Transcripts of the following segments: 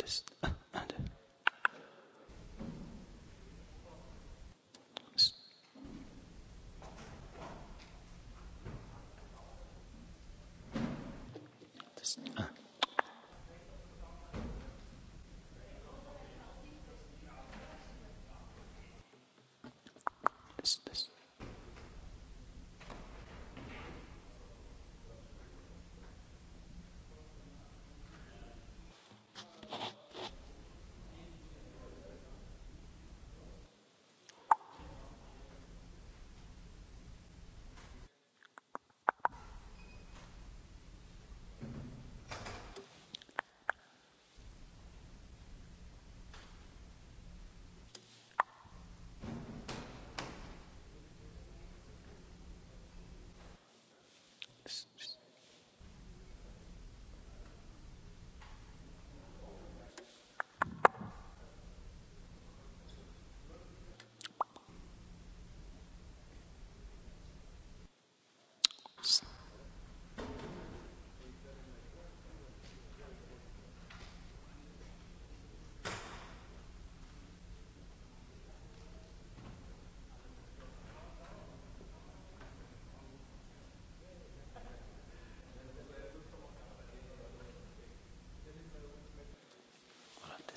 this business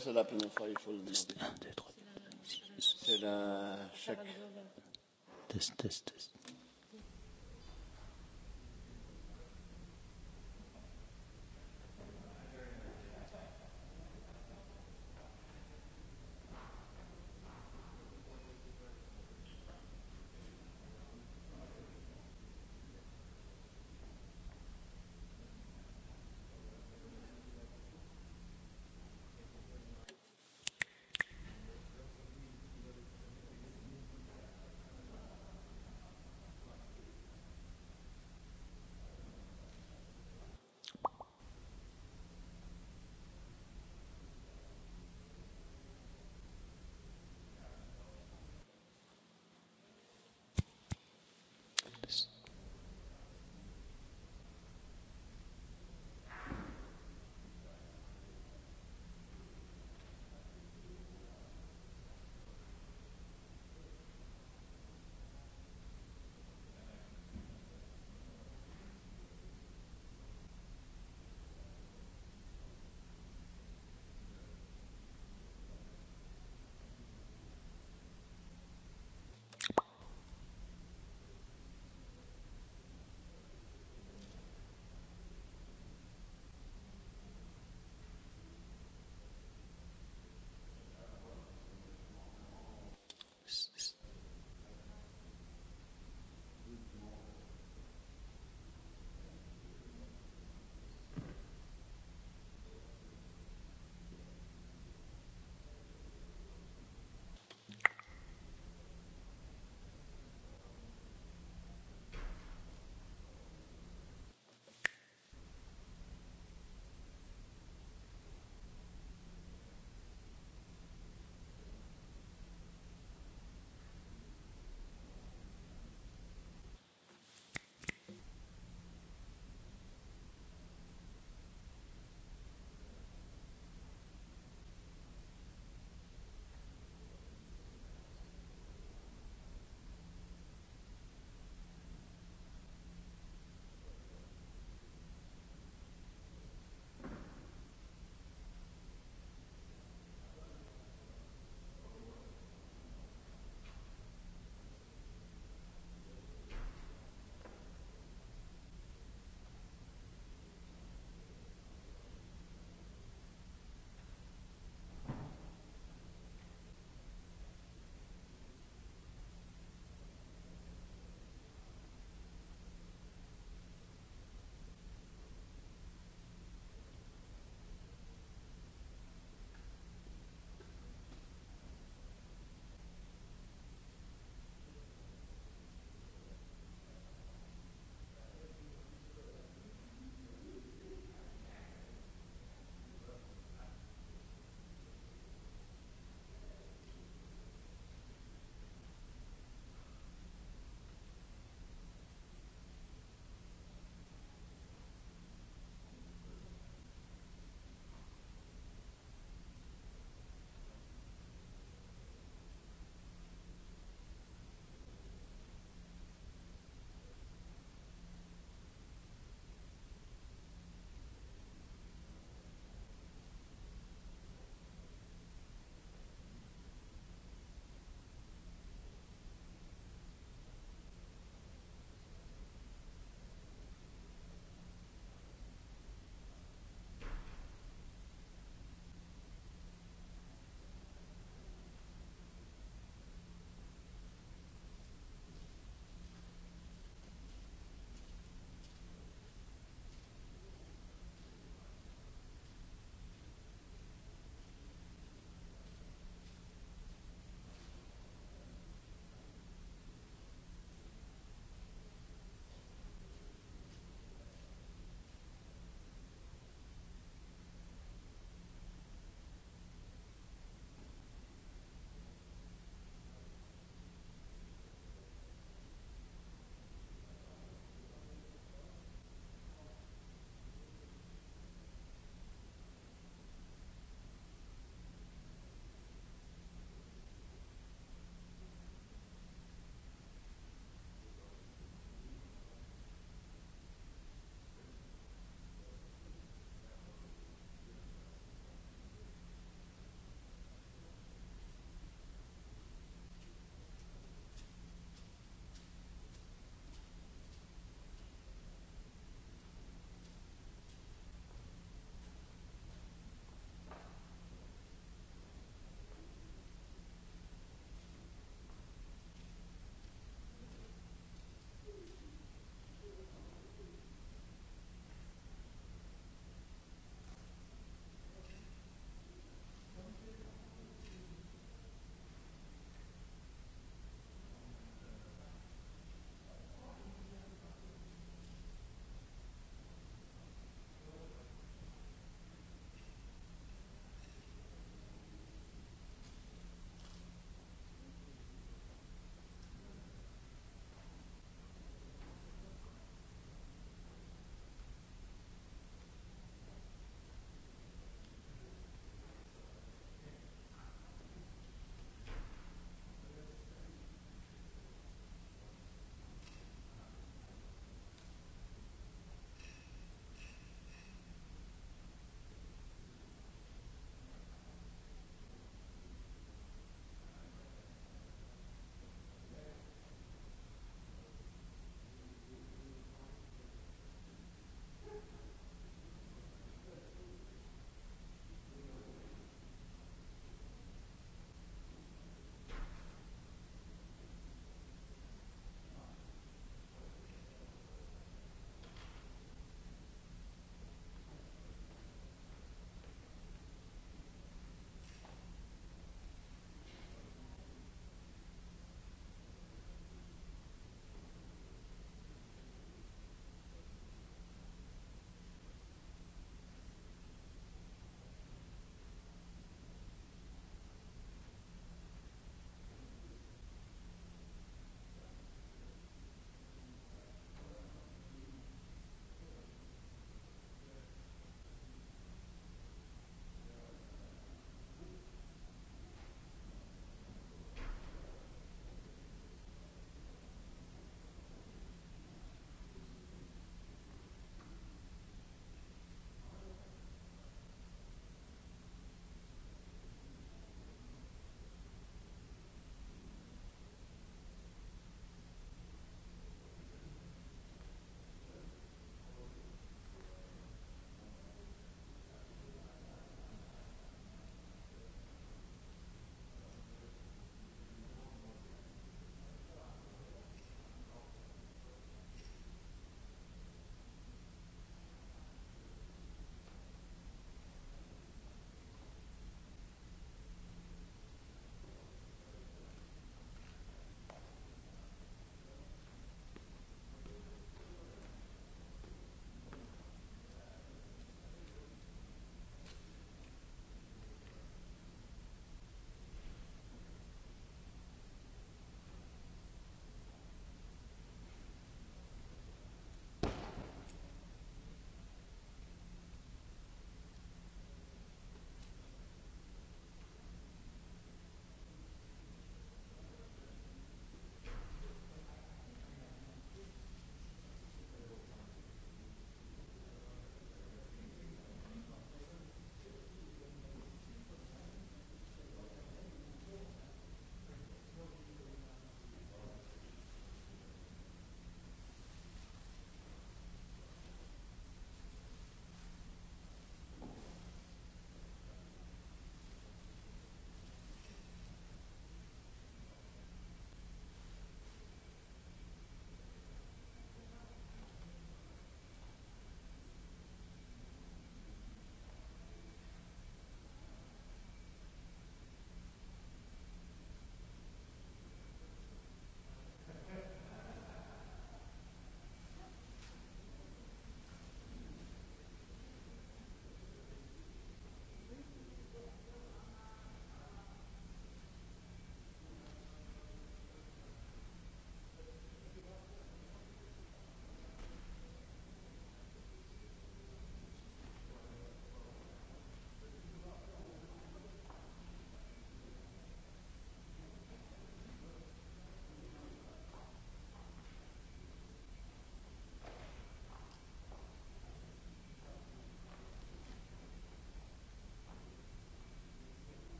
C'est la première fois, il faut le demander. C'est la... Test, test, test.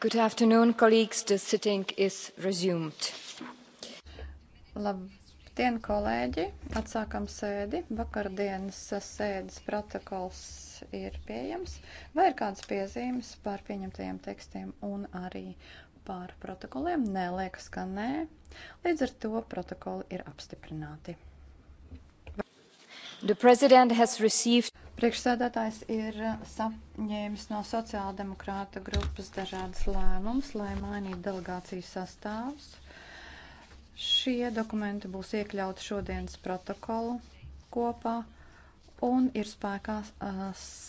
Good afternoon, colleagues. The sitting is resumed. Labdien, kolēģi! Atsākam sēdi. Vakardienas sēdes protokols ir pieejams. Vai ir kādas piezīmes par pieņemtajiem tekstiem un arī par protokoliem? Nē, liekas, ka nē. Līdz ar to protokoli ir apstiprināti. The president has received Priekšsēdētājs ir saņēmis no sociāldemokrāta grupas dažādas lēmumus, lai mainītu delegācijas sastāvus. Šie dokumenti būs iekļauti šodienas protokolu kopā un ir spēkā uh,